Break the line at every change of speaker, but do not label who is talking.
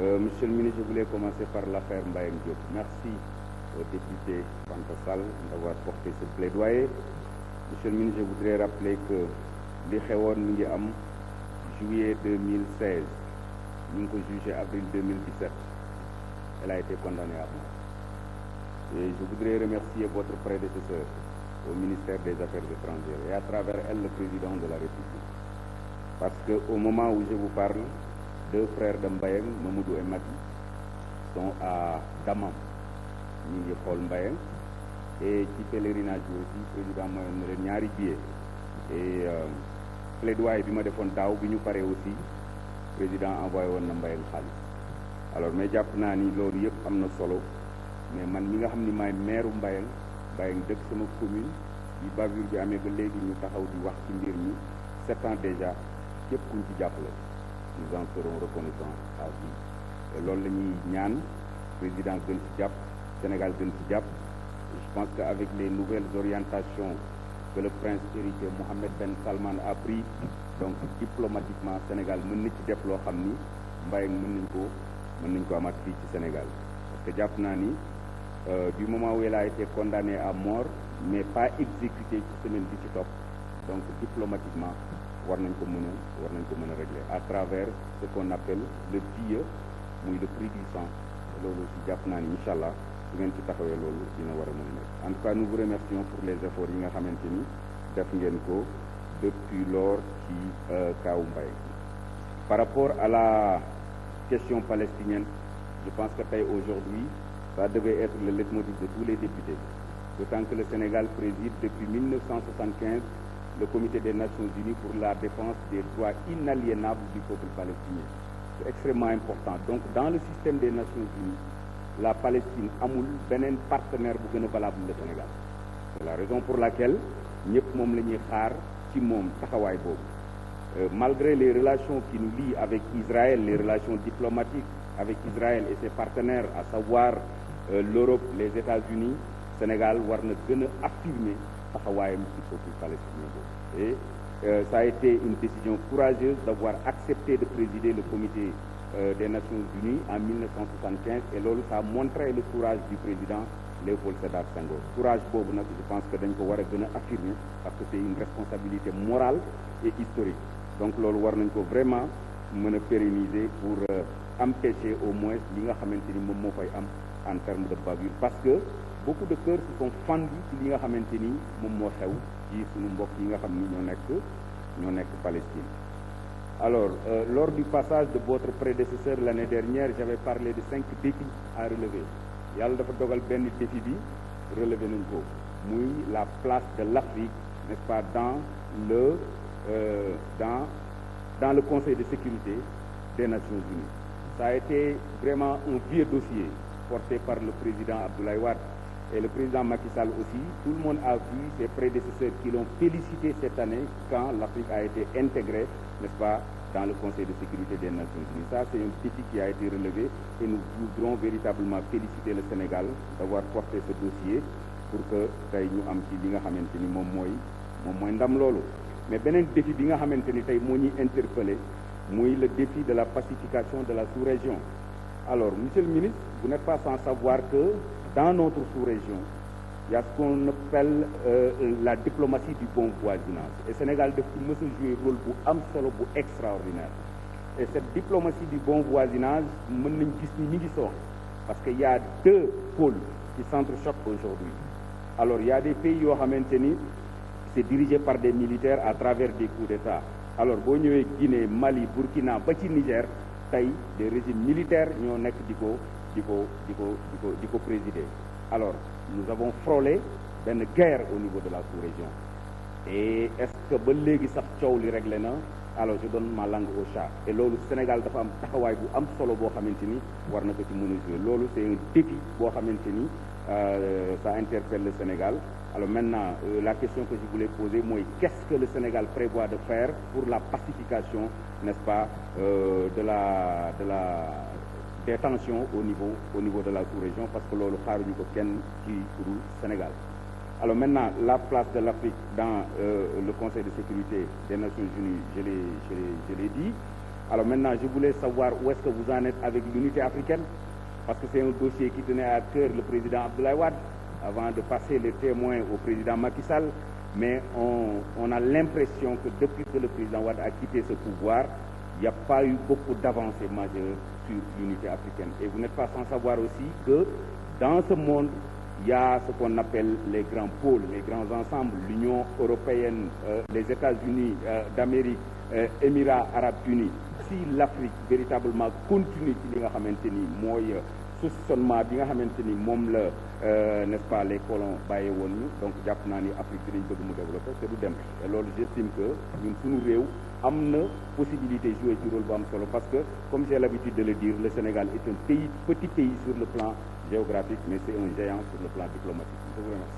Euh, monsieur le ministre, je voulais commencer par l'affaire Mbaye Diop. Merci au député Fantasal d'avoir porté ce plaidoyer. Monsieur le ministre, je voudrais rappeler que li xewoon mi ngi am juillet 2016 ñu ngi ko jugé avril 2017 elle a été condamnée à mort et je voudrais remercier votre prédécesseur au ministère des Affaires étrangères et à travers elle le président de la République parce que au moment où je vous parle deux frères de Mbayang Mamadou et Mati son à Damam ñu ngi xool Mbayang et ci pèlerinage bi aussi président mayoon na leen ñaari billets et euh, plaidoyer bi ma defoon daaw bi ñu paree aussi président envoyé woon na Mbayang xaalis alors mais jàpp naa ni loolu yëpp am na solo mais man mi nga xam ni maay maire Mbayang Mbayang dëkk sama commune bi bavure bi amee ba léegi ñu taxaw di wax ci mbir mi sept ans déjà képp kuñ ci jàppale nous en serons reconnaissants loolu la ñuy ñaan président gën ci jàpp Sénégal gën ci jàpp je pense avec les nouvelles orientations que le prince héritier Mohammed Ben Salman a pris donc diplomatiquement Sénégal mën na ci def loo xam ni mbay mën nañ ko mën nañ ko amaat fii ci Sénégal parce que jàpp naa ni euh, du moment où elle a été condamnée à mort mais pas exécutée ci semaine bi ci top donc diplomatiquement war nañ ko mën a war nañ ko mën a régler à travers ce qu'on appelle le PIE muy le prix du sang loolu ci jàpp naa ni incha allah su ngeen ci taxawee loolu dina war a mën a nekk en tout cas nous vous remercions pour les efforts yi nga xamante ni def ngeen ko depuis lors ci euh, kaawu mbay par rapport à la question palestinienne je pense que tey aujourd'hui ça devait être le leitmotiv de tous les députés d'autant que le Sénégal préside depuis 1975 le comité des Nations Unies pour la défense des droits inaliénables du peuple palestinien. C'est extrêmement important. Donc, dans le système des Nations Unies, la Palestine amul beneen partenaire bu gën a valable le Sénégal. C'est la raison pour laquelle ñëpp moom la ñuy xaar ci moom taxawaay boobu. Euh, malgré les relations qui nous lient avec Israël, les relations diplomatiques avec Israël et ses partenaires, à savoir euh, l'Europe, les États-Unis, Sénégal war na gën a affirmer taxawaayam ci peuple palestinien boobu et euh, ça a été une décision courageuse d'avoir accepté de présider le comité euh, des Nations Unies en 1975 et loolu ça a montré le courage du président Léopold Sédar Senghor courage boobu nag je pense que dañ ko war a gën a parce que c'est une responsabilité morale et historique donc loolu war nañ ko vraiment mën a pérenniser pour euh, empêcher au moins li nga xamante ni moom moo fay am en termes de bavure parce que beaucoup de cœurs se sont fendus ci li nga xamante ni moom moo xew ci suñu mbokk yi nga xam ni ñoo nekk ñoo nekk Palestine alors euh, lors du passage de votre prédécesseur l'année dernière j'avais parlé de cinq défis à relever yàlla dafa dogal benn défi bi relevé nañ ko muy la place de l'Afrique n'est-ce pas dans le euh, dans le Conseil de sécurité des Nations Unies ça été vraiment un vieux dossier porté par le président Abdoulaye Wade Et le président Macky Sall aussi, tout le monde a vu ses prédécesseurs qui l'ont félicité cette année quand l'Afrique a été intégrée, nest pas, dans le Conseil de sécurité des Nations Unies. Ça, c'est un défi qui a été relevé et nous voudrons véritablement féliciter le Sénégal d'avoir porté ce dossier pour que tey ñu am ci li nga xamante ni moom mooy moom mooy ndam loolu. mais beneen défi bi nga xamante ni tey moo ñuy interpellé muy le défi de la pacification de la sous-région alors monsieur dans notre sous-région, ya y a ce euh, euh, la diplomatie du bon voisinage. Et Sénégal def ci mës a rôle bu am solo bu extraordinaire et cette diplomatie du bon voisinage mën nañ gis ni ñu ngi sox parce que y a deux pôles centre s'entrechoquent aujourd'hui alors y des pays yoo xamante ni c'est dirigé par des militaires à travers des coups d'État alors boo ñëwee Guinée Mali Burkina ba ci Niger tey des régimes militaires ñoo nekk di ko di ko di ko di ko di ko présider alors nous avons frôlé benn guerre au niveau de la sous-région et est-ce que ba léegi sax coow li réglé na alors je donne ma langue au et loolu Sénégal dafa am taxawaay bu am solo boo xamante ni war na ko ci mën loolu c'est un défi boo xamante ni euh, ça interpelle le Sénégal alors maintenant euh, la question que je voulais poser mooy qu'est-ce que le Sénégal prévoit de faire pour la pacification n'est-ce pas euh, de la de la des tensions au niveau au niveau de la sous-région parce que loolu xaaruñu ko kenn ci turu Sénégal alors maintenant la place de l'Afrique dans euh, le Conseil de sécurité des Nations Unies je l'ai je l'ai je l'ai dit alors maintenant je voulais savoir où est-ce que vous en êtes avec l'unité africaine parce que c'est un dossier qui tenait à cœur le président Abdoulaye Wade avant de passer les témoins au président Macky Sall mais on on a l'impression que depuis que le président Wade a quitté ce pouvoir il a pas eu beaucoup d'avancées majeures sur l'unité africaine. Et vous n'êtes pas sans savoir aussi que dans ce monde, il y a ce qu'on appelle les grands pôles, les grands ensembles, l'Union européenne, euh, les États-Unis euh, d'Amérique, euh, Émirats arabes Si l'Afrique véritablement continue ci li nga xamante ni mooy soupçonnement bi nga xamante ni moom la euh, n'est-ce pas les colons bàyyee woon ñu donc jàpp naa ni Afrique dinañ bëgg mu développer te du dem loolu j'estime que ñun suñu am na possibilité jouer ci rôle bu am solo parce que comme j'ai l'habitude de le dire le Sénégal est un pays petit pays sur le plan géographique mais c'est un géant sur le plan diplomatique